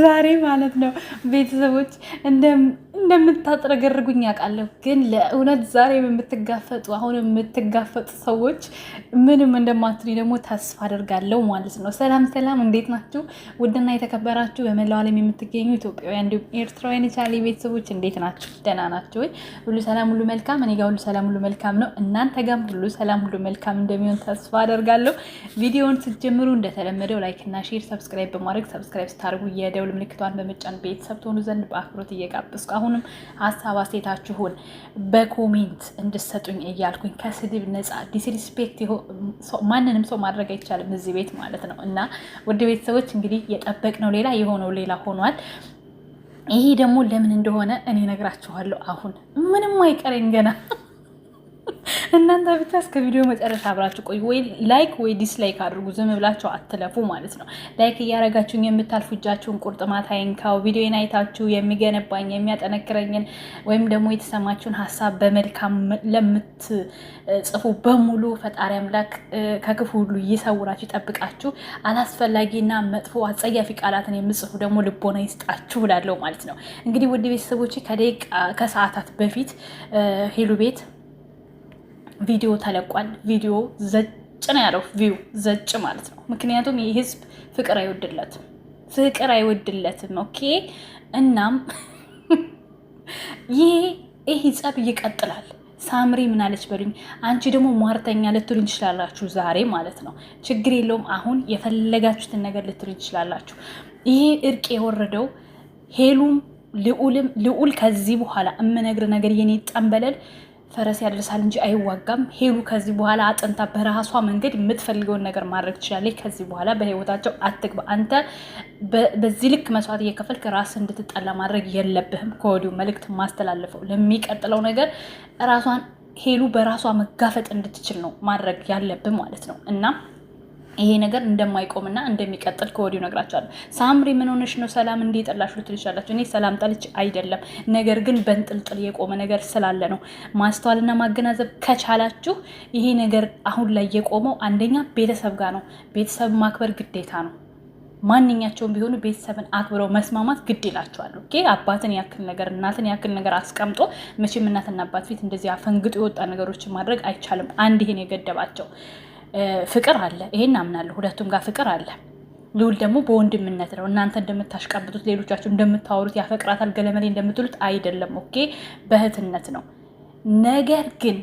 ዛሬ ማለት ነው ቤተሰቦች እንደ እንደምታጥረገርጉኝ አውቃለሁ። ግን ለእውነት ዛሬም የምትጋፈጡ አሁን የምትጋፈጡ ሰዎች ምንም እንደማትሪ ደግሞ ተስፋ አድርጋለሁ ማለት ነው። ሰላም ሰላም፣ እንዴት ናችሁ? ውድና የተከበራችሁ በመላው ዓለም የምትገኙ ኢትዮጵያውያን እንዲሁም ኤርትራውያን የቻሌ ቤተሰቦች እንዴት ናችሁ? ደህና ናቸው ወይ? ሁሉ ሰላም ሁሉ መልካም፣ እኔ ጋር ሁሉ ሰላም ሁሉ መልካም ነው። እናንተ ጋርም ሁሉ ሰላም ሁሉ መልካም እንደሚሆን ተስፋ አደርጋለሁ። ቪዲዮውን ስትጀምሩ እንደተለመደው ላይክ እና ሼር፣ ሰብስክራይብ በማድረግ ሰብስክራይብ ስታደርጉ የደውል ምልክቷን በመጫን ቤተሰብ ትሆኑ ዘንድ በአክብሮት እየጋበዝኩ አሁን ሁላችሁም ሀሳብ አስተያየታችሁን በኮሜንት እንድሰጡኝ እያልኩኝ ከስድብ ነጻ ዲስሪስፔክት ማንንም ሰው ማድረግ አይቻልም እዚህ ቤት ማለት ነው። እና ውድ ቤተሰቦች እንግዲህ የጠበቅነው ሌላ የሆነው ሌላ ሆኗል። ይሄ ደግሞ ለምን እንደሆነ እኔ ነግራችኋለሁ። አሁን ምንም አይቀረኝ ገና እናንተ ብቻ እስከ ቪዲዮ መጨረሻ አብራችሁ ቆዩ። ወይ ላይክ ወይ ዲስላይክ አድርጉ። ዝም ብላችሁ አትለፉ ማለት ነው። ላይክ እያረጋችሁኝ የምታልፉ እጃችሁን ቁርጥማት አይንካው። ቪዲዮን አይታችሁ የሚገነባኝ የሚያጠነክረኝን ወይም ደግሞ የተሰማችሁን ሀሳብ በመልካም ለምትጽፉ በሙሉ ፈጣሪ አምላክ ከክፉ ሁሉ እየሰውራችሁ ይጠብቃችሁ። አላስፈላጊና መጥፎ አጸያፊ ቃላትን የምጽፉ ደግሞ ልቦና ይስጣችሁ ላለው ማለት ነው። እንግዲህ ውድ ቤተሰቦች ከደቂቃ ከሰዓታት በፊት ሄሉ ቤት ቪዲዮ ተለቋል። ቪዲዮ ዘጭ ነው ያለው ቪው ዘጭ ማለት ነው። ምክንያቱም ይህ ህዝብ ፍቅር አይወድለትም፣ ፍቅር አይወድለትም። ኦኬ እናም ይሄ ይህ ጸብ ይቀጥላል። ሳምሪ ምናለች በሉኝ። አንቺ ደግሞ ሟርተኛ ልትሉኝ ትችላላችሁ፣ ዛሬ ማለት ነው። ችግር የለውም። አሁን የፈለጋችሁትን ነገር ልትሉኝ ትችላላችሁ። ይሄ እርቅ የወረደው ሄሉም ልዑልም ልዑል ከዚህ በኋላ እምነግር ነገር የኔ ጠንበለል ፈረስ ያደርሳል እንጂ አይዋጋም። ሄሉ ከዚህ በኋላ አጥንታ በራሷ መንገድ የምትፈልገውን ነገር ማድረግ ትችላለች። ከዚህ በኋላ በህይወታቸው አትግባ። አንተ በዚህ ልክ መስዋዕት እየከፈልክ ራስ እንድትጠላ ማድረግ የለብህም። ከወዲሁ መልእክት ማስተላለፈው ለሚቀጥለው ነገር ራሷን ሄሉ በራሷ መጋፈጥ እንድትችል ነው ማድረግ ያለብህ ማለት ነው እና ይሄ ነገር እንደማይቆምና እንደሚቀጥል ከወዲሁ ነግራቸዋለሁ። ሳምሪ ምን ሆነሽ ነው ሰላም እንዲህ ጠላሽ ልትል ይችላላችሁ። እኔ ሰላም ጠልች አይደለም፣ ነገር ግን በንጥልጥል የቆመ ነገር ስላለ ነው። ማስተዋልና ማገናዘብ ከቻላችሁ ይሄ ነገር አሁን ላይ የቆመው አንደኛ ቤተሰብ ጋር ነው። ቤተሰብ ማክበር ግዴታ ነው። ማንኛቸውም ቢሆኑ ቤተሰብን አክብረው መስማማት ግድ ይላቸዋል። አባትን ያክል ነገር እናትን ያክል ነገር አስቀምጦ መቼም እናትና አባት ፊት እንደዚህ አፈንግጦ የወጣ ነገሮችን ማድረግ አይቻልም። አንድ ይሄን የገደባቸው ፍቅር አለ። ይሄን አምናለሁ። ሁለቱም ጋር ፍቅር አለ። ልውል ደግሞ በወንድምነት ነው። እናንተ እንደምታሽቀብጡት ሌሎቻችሁ እንደምታወሩት ያፈቅራታል ገለመሌ እንደምትሉት አይደለም። ኦኬ፣ በእህትነት ነው። ነገር ግን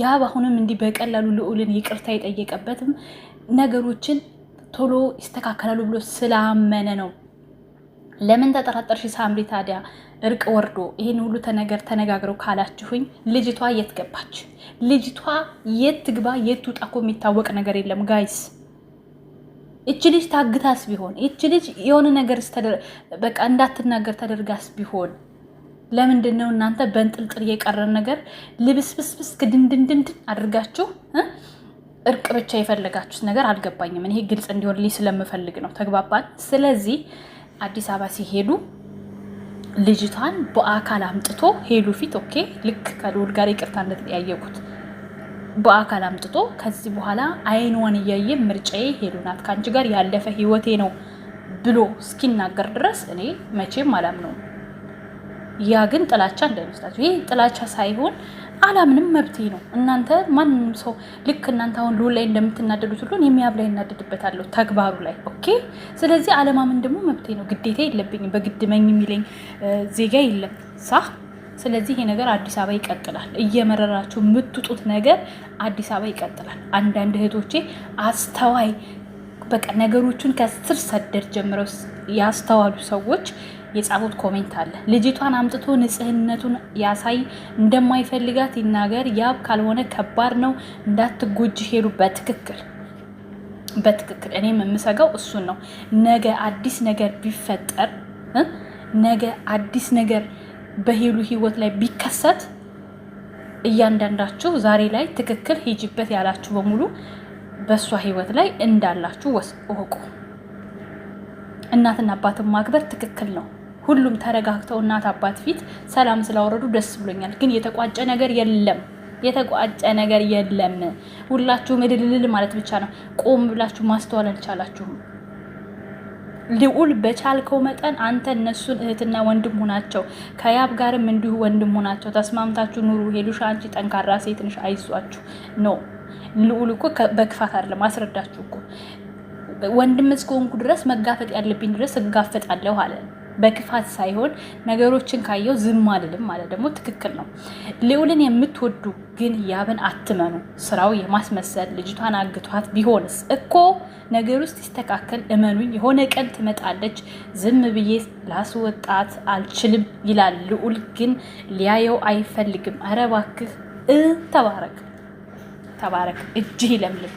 ያ በአሁንም እንዲህ በቀላሉ ልዑልን ይቅርታ የጠየቀበትም ነገሮችን ቶሎ ይስተካከላሉ ብሎ ስላመነ ነው። ለምን ተጠራጠርሽ ሳምሪ? ታዲያ እርቅ ወርዶ ይህን ሁሉ ተነገር ተነጋግረው ካላችሁኝ ልጅቷ የት ገባች? ልጅቷ የት ትግባ የት ውጣ እኮ የሚታወቅ ነገር የለም ጋይስ። እች ልጅ ታግታስ ቢሆን እች ልጅ የሆነ ነገር በቃ እንዳትናገር ተደርጋስ ቢሆን ለምንድን ነው እናንተ በእንጥልጥል የቀረን ነገር ልብስብስብስ ክድንድንድንድን አድርጋችሁ እርቅ ብቻ የፈለጋችሁት ነገር አልገባኝም። ይሄ ግልጽ እንዲሆን ስለምፈልግ ነው። ተግባባን። ስለዚህ አዲስ አበባ ሲሄዱ ልጅቷን በአካል አምጥቶ ሄሉ ፊት ኦኬ፣ ልክ ከልዑል ጋር ይቅርታ እንደተጠያየቁት በአካል አምጥቶ ከዚህ በኋላ አይኗን እያየ ምርጫዬ ሄሉ ናት፣ ከአንቺ ጋር ያለፈ ህይወቴ ነው ብሎ እስኪናገር ድረስ እኔ መቼም አላምነውም። ያ ግን ጥላቻ እንዳይመስላችሁ ይህ ጥላቻ ሳይሆን አላምንም፣ መብቴ ነው። እናንተ ማንም ሰው ልክ እናንተ አሁን ልዑል ላይ እንደምትናደዱት ሁሉን የሚያብ ላይ እናደድበታለሁ ተግባሩ ላይ ኦኬ። ስለዚህ አለማምን ደግሞ መብቴ ነው፣ ግዴታ የለብኝም። በግድመኝ የሚለኝ ዜጋ የለም ሳ ስለዚህ ይሄ ነገር አዲስ አበባ ይቀጥላል። እየመረራችሁ የምትጡት ነገር አዲስ አበባ ይቀጥላል። አንዳንድ እህቶቼ አስተዋይ በቃ ነገሮቹን ከስር ሰደድ ጀምረው ያስተዋሉ ሰዎች የጻፉት ኮሜንት አለ። ልጅቷን አምጥቶ ንጽህነቱን ያሳይ፣ እንደማይፈልጋት ይናገር፣ ያብ ካልሆነ ከባድ ነው፣ እንዳትጎጅ ሄዱ። በትክክል በትክክል እኔም የምሰጋው እሱን ነው። ነገ አዲስ ነገር ቢፈጠር፣ ነገ አዲስ ነገር በሄሉ ህይወት ላይ ቢከሰት እያንዳንዳችሁ ዛሬ ላይ ትክክል ሂጅበት ያላችሁ በሙሉ በእሷ ህይወት ላይ እንዳላችሁ ወቁ። እናትና አባትን ማክበር ትክክል ነው። ሁሉም ተረጋግተው እናት አባት ፊት ሰላም ስላወረዱ ደስ ብሎኛል። ግን የተቋጨ ነገር የለም የተቋጨ ነገር የለም። ሁላችሁም እድልል ማለት ብቻ ነው። ቆም ብላችሁ ማስተዋል አልቻላችሁም። ልዑል በቻልከው መጠን አንተ እነሱን እህትና ወንድም ሆናቸው፣ ከያብ ጋርም እንዲሁ ወንድም ሆናቸው፣ ተስማምታችሁ ኑሩ። ሄዱሻ አንቺ ጠንካራ ሴት ነሽ፣ አይዟችሁ ነው። ልዑል እኮ በክፋት አይደለም፣ አስረዳችሁ እኮ ወንድም እስከሆንኩ ድረስ መጋፈጥ ያለብኝ ድረስ እጋፈጣለሁ አለ። በክፋት ሳይሆን ነገሮችን ካየው ዝም አልልም ማለት ደግሞ ትክክል ነው። ልዑልን የምትወዱ ግን ያብን አትመኑ። ስራው የማስመሰል ልጅቷን አግቷት ቢሆንስ እኮ ነገር ውስጥ ይስተካከል። እመኑኝ፣ የሆነ ቀን ትመጣለች። ዝም ብዬ ላስወጣት አልችልም ይላል። ልዑል ግን ሊያየው አይፈልግም። ኧረ እባክህ ተባረክ፣ ተባረክ፣ እጅህ ይለምልም፣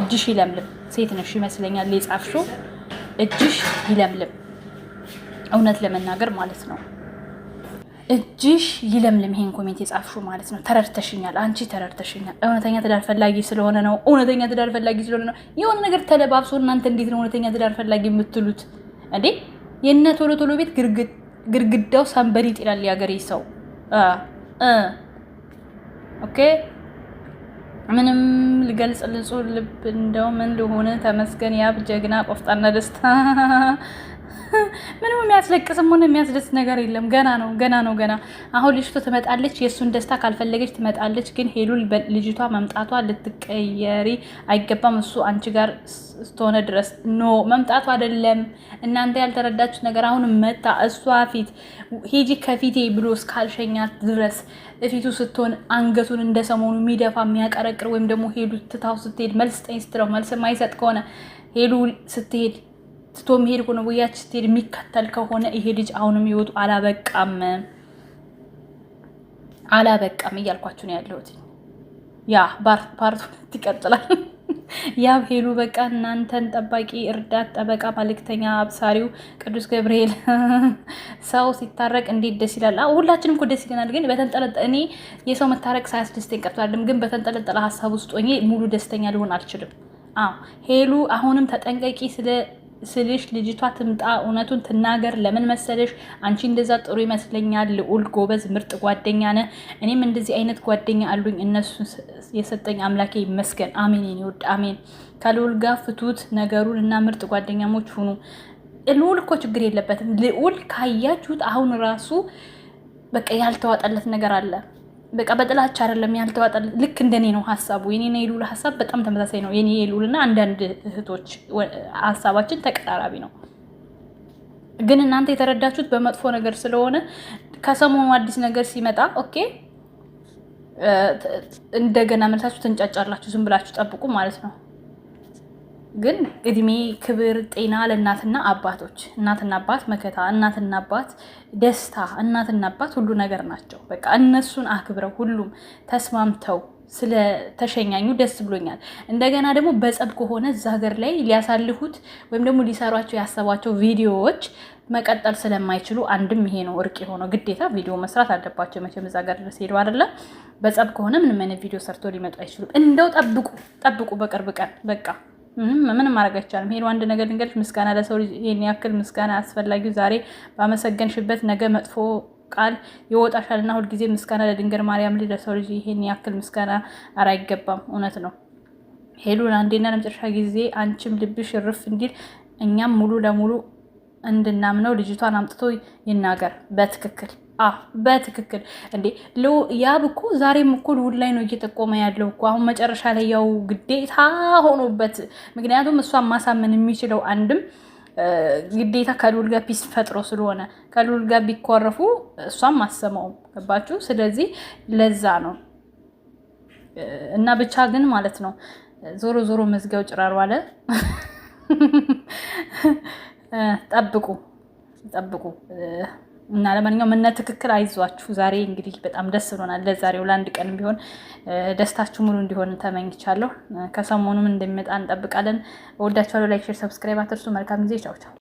እጅሽ ይለምልም። ሴት ነሽ ይመስለኛል የጻፍሽው፣ እጅሽ ይለምልም። እውነት ለመናገር ማለት ነው። እጅሽ ይለምልም ይሄን ኮሜንት የጻፍሹ ማለት ነው። ተረድተሽኛል፣ አንቺ ተረድተሽኛል። እውነተኛ ትዳር ፈላጊ ስለሆነ ነው። እውነተኛ ትዳር ፈላጊ ስለሆነ ነው። የሆነ ነገር ተለባብሶ እናንተ እንዴት ነው እውነተኛ ትዳር ፈላጊ የምትሉት እንዴ? የእነ ቶሎ ቶሎ ቤት ግድግዳው ሳንበሪ ይላል ያገሬ ሰው። ኦኬ ምንም ልገልጽ ልጹ ልብ እንደው ምን ልሆነ ተመስገን ያብ ጀግና ቆፍጣና ደስታ ምንም የሚያስለቅስም ሆነ የሚያስደስት ነገር የለም። ገና ነው ገና ነው ገና። አሁን ልጅቷ ትመጣለች። የእሱን ደስታ ካልፈለገች ትመጣለች። ግን ሄሉ ልጅቷ መምጣቷ ልትቀየሪ አይገባም። እሱ አንቺ ጋር ስትሆነ ድረስ ኖ መምጣቱ አይደለም። እናንተ ያልተረዳችሁት ነገር አሁን መታ እሷ ፊት ሂጂ ከፊቴ ብሎ እስካልሸኛት ድረስ እፊቱ ስትሆን አንገቱን እንደ ሰሞኑ የሚደፋ የሚያቀረቅር ወይም ደግሞ ሄዱ ትታው ስትሄድ መልስ ጠኝ ስትለው መልስ የማይሰጥ ከሆነ ሄሉ ስትሄድ ትቶ መሄድ ሆነ ወያች ስትሄድ የሚከተል ከሆነ ይሄ ልጅ አሁንም ይወጡ አላበቃም አላበቃም እያልኳችሁ ነው ያለሁት። ያ ፓርቱ ይቀጥላል። ያ ሄሉ በቃ እናንተን ጠባቂ እርዳት፣ ጠበቃ፣ መልእክተኛ፣ አብሳሪው ቅዱስ ገብርኤል ሰው ሲታረቅ እንዴት ደስ ይላል። ሁላችንም እኮ ደስ ይለናል። ግን በተንጠለጠ እኔ የሰው መታረቅ ሳያስደስተኝ ቀርቶ አይደለም፣ ግን በተንጠለጠለ ሀሳብ ውስጥ ሆኜ ሙሉ ደስተኛ ሊሆን አልችልም። ሄሉ አሁንም ተጠንቀቂ ስለ ስልሽ ልጅቷ ትምጣ፣ እውነቱን ትናገር። ለምን መሰለሽ አንቺ እንደዛ ጥሩ ይመስለኛል። ልዑል ጎበዝ፣ ምርጥ ጓደኛ ነህ። እኔም እንደዚህ አይነት ጓደኛ አሉኝ። እነሱ የሰጠኝ አምላኬ ይመስገን። አሜን፣ የኔ ውድ አሜን። ከልዑል ጋር ፍቱት ነገሩን እና ምርጥ ጓደኛሞች ሁኑ። ልዑል እኮ ችግር የለበትም። ልዑል ካያችሁት አሁን ራሱ በቃ ያልተዋጠለት ነገር አለ። በቃ በጥላቻ አይደለም ያልተዋጠል። ልክ እንደኔ ነው ሀሳቡ። የኔና የሉል ሀሳብ በጣም ተመሳሳይ ነው። የኔ የሉልና አንዳንድ እህቶች ሀሳባችን ተቀራራቢ ነው። ግን እናንተ የተረዳችሁት በመጥፎ ነገር ስለሆነ ከሰሞኑ አዲስ ነገር ሲመጣ ኦኬ እንደገና መልሳችሁ ትንጫጫላችሁ። ዝም ብላችሁ ጠብቁ ማለት ነው። ግን እድሜ፣ ክብር፣ ጤና ለእናትና አባቶች። እናትና አባት መከታ፣ እናትና አባት ደስታ፣ እናትና አባት ሁሉ ነገር ናቸው። በቃ እነሱን አክብረው ሁሉም ተስማምተው ስለተሸኛኙ ደስ ብሎኛል። እንደገና ደግሞ በጸብ ከሆነ እዛ ሀገር ላይ ሊያሳልፉት ወይም ደግሞ ሊሰሯቸው ያሰቧቸው ቪዲዮዎች መቀጠል ስለማይችሉ አንድም ይሄ ነው እርቅ የሆነው። ግዴታ ቪዲዮ መስራት አለባቸው። መቼም እዛ ሀገር ድረስ ሄዱ አይደለም። በጸብ ከሆነ ምንም አይነት ቪዲዮ ሰርቶ ሊመጡ አይችሉም። እንደው ጠብቁ ጠብቁ፣ በቅርብ ቀን በቃ ምንም ማድረግ አይቻልም። ሄዱ አንድ ነገር ልንገርሽ፣ ምስጋና ለሰው ልጅ ይህን ያክል ምስጋና አስፈላጊው ዛሬ ባመሰገንሽበት ነገ መጥፎ ቃል ይወጣሻልና ሁልጊዜ ምስጋና ለድንግል ማርያም ልጅ ለሰው ልጅ ይህን ያክል ምስጋና ኧረ አይገባም። እውነት ነው። ሄዱን አንዴና ለመጨረሻ ጊዜ አንቺም ልብሽ እርፍ እንዲል እኛም ሙሉ ለሙሉ እንድናምነው ልጅቷን አምጥቶ ይናገር በትክክል በትክክል እንዴ ያብ እኮ ዛሬም እኮ ልውል ላይ ነው እየጠቆመ ያለው እኮ አሁን መጨረሻ ላይ ያው ግዴታ ሆኖበት፣ ምክንያቱም እሷን ማሳመን የሚችለው አንድም ግዴታ ከልውል ጋር ፒስ ፈጥሮ ስለሆነ ከልውል ጋር ቢኮረፉ እሷም አሰማውም። ገባችሁ? ስለዚህ ለዛ ነው እና ብቻ ግን ማለት ነው ዞሮ ዞሮ መዝጊያው ጭራሩ አለ። ጠብቁ ጠብቁ እና ለማንኛውም እነ ትክክል አይዟችሁ። ዛሬ እንግዲህ በጣም ደስ ብሎናል። ለዛሬው ለአንድ ቀን ቢሆን ደስታችሁ ሙሉ እንዲሆን ተመኝቻለሁ። ከሰሞኑም እንደሚመጣ እንጠብቃለን። እወዳችኋለሁ። ላይክ፣ ሼር፣ ሰብስክራይብ አትርሱ። መልካም ጊዜ። ቻውቻው